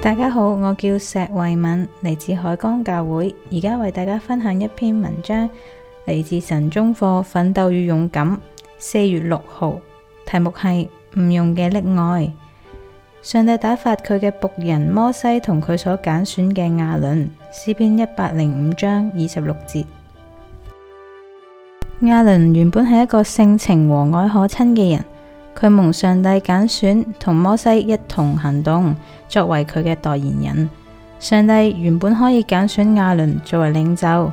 大家好，我叫石慧敏，嚟自海光教會，而家為大家分享一篇文章，嚟自神中課《奮鬥與勇敢》，四月六號，題目係誤用嘅溺愛。上帝打發佢嘅僕人摩西同佢所揀選嘅亞倫，詩篇一百零五章二十六節。亞倫原本係一個性情和藹可親嘅人。佢蒙上帝揀選同摩西一同行動，作為佢嘅代言人。上帝原本可以揀選亞倫作為領袖，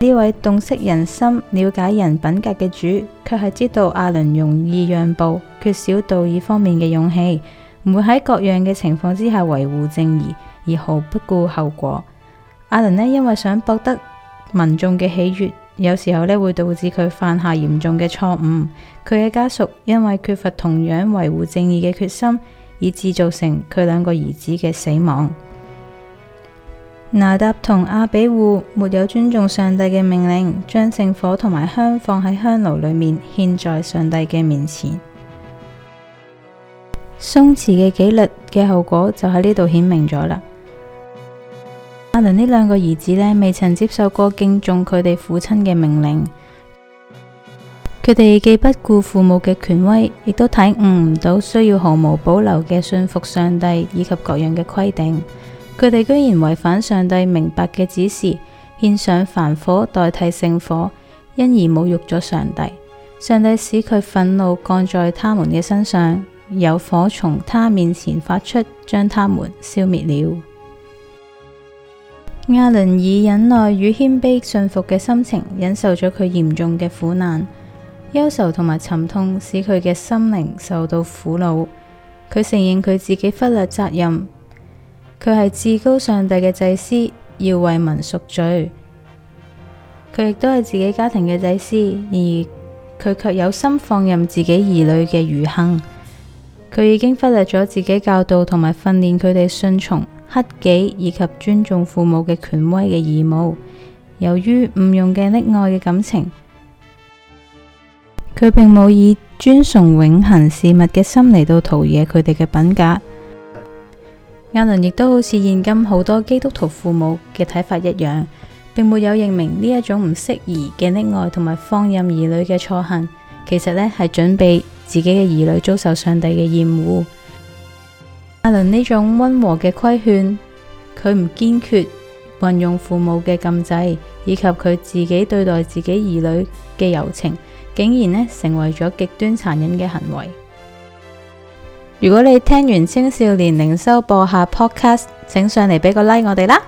呢位洞悉人心、了解人品格嘅主，卻係知道亞倫容易讓步，缺少道義方面嘅勇氣，唔會喺各樣嘅情況之下維護正義而毫不顧後果。亞倫呢，因為想博得民眾嘅喜悅。有時候咧，會導致佢犯下嚴重嘅錯誤，佢嘅家屬因為缺乏同樣維護正義嘅決心，以致造成佢兩個兒子嘅死亡。拿達同阿比戶沒有尊重上帝嘅命令，將聖火同埋香放喺香爐裏面獻在上帝嘅面前，鬆弛嘅紀律嘅後果就喺呢度顯明咗啦。亞倫呢兩個兒子咧，未曾接受過敬重佢哋父親嘅命令，佢哋既不顧父母嘅權威，亦都體悟唔到需要毫無保留嘅信服上帝以及各樣嘅規定。佢哋居然違反上帝明白嘅指示，獻上凡火代替聖火，因而侮辱咗上帝。上帝使佢憤怒降在他們嘅身上，有火從他面前發出，將他們消滅了。亞倫以忍耐與謙卑信服嘅心情，忍受咗佢嚴重嘅苦難。憂愁同埋沉痛使佢嘅心靈受到苦惱。佢承認佢自己忽略責任。佢係至高上帝嘅祭司，要為民贖罪。佢亦都係自己家庭嘅祭司，而佢卻有心放任自己兒女嘅愚行。佢已經忽略咗自己教導同埋訓練佢哋順從。克己以及尊重父母嘅權威嘅義務。由於誤用嘅溺愛嘅感情，佢並冇以尊崇永恆事物嘅心嚟到陶冶佢哋嘅品格。亞倫亦都好似現今好多基督徒父母嘅睇法一樣，並沒有認明呢一種唔適宜嘅溺愛同埋放任兒女嘅錯行。其實呢係準備自己嘅兒女遭受上帝嘅厭惡。阿倫呢種溫和嘅規勸，佢唔堅決運用父母嘅禁制，以及佢自己對待自己兒女嘅柔情，竟然咧成為咗極端殘忍嘅行為。如果你聽完青少年靈修播客 podcast，請上嚟俾個 like 我哋啦。